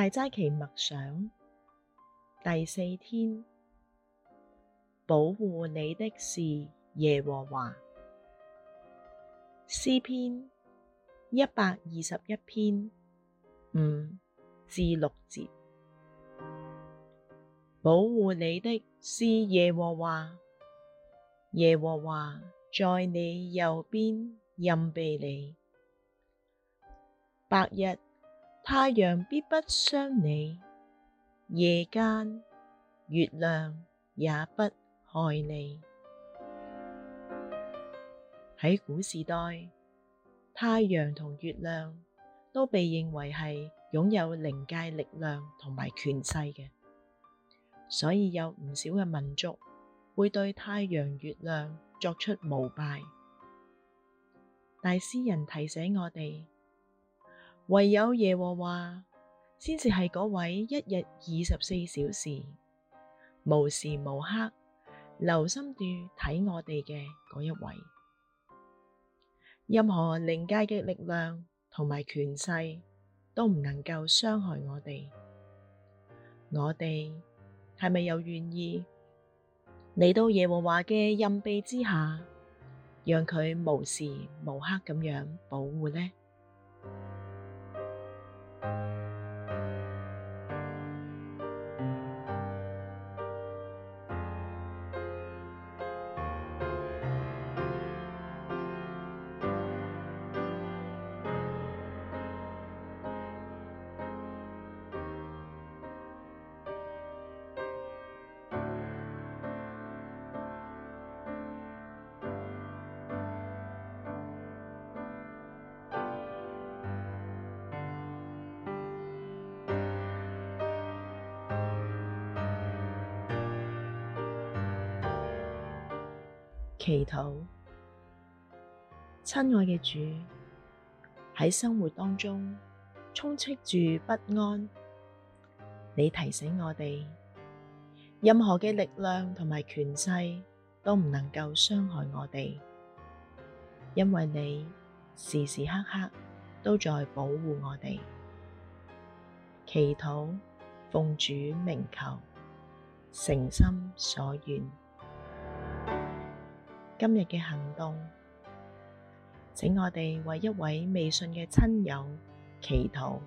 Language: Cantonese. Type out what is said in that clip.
大齋期默想第四天，保護你的，是耶和華。詩篇一百二十一篇五至六節，保護你的，是耶和華。耶和華在你右邊蔭庇你，白日。太陽必不傷你，夜間月亮也不害你。喺古時代，太陽同月亮都被認為係擁有靈界力量同埋權勢嘅，所以有唔少嘅民族會對太陽、月亮作出膜拜。但詩人提醒我哋。唯有耶和華，先至係嗰位一日二十四小時，無時無刻留心住睇我哋嘅嗰一位。任何靈界嘅力量同埋權勢都唔能夠傷害我哋。我哋係咪又願意嚟到耶和華嘅蔭庇之下，讓佢無時無刻咁樣保護呢？祈禱，親愛嘅主，喺生活當中充斥住不安，你提醒我哋，任何嘅力量同埋權勢都唔能夠傷害我哋，因為你時時刻刻都在保護我哋。祈禱，奉主名求，誠心所願。今日嘅行動，請我哋為一位未信嘅親友祈禱。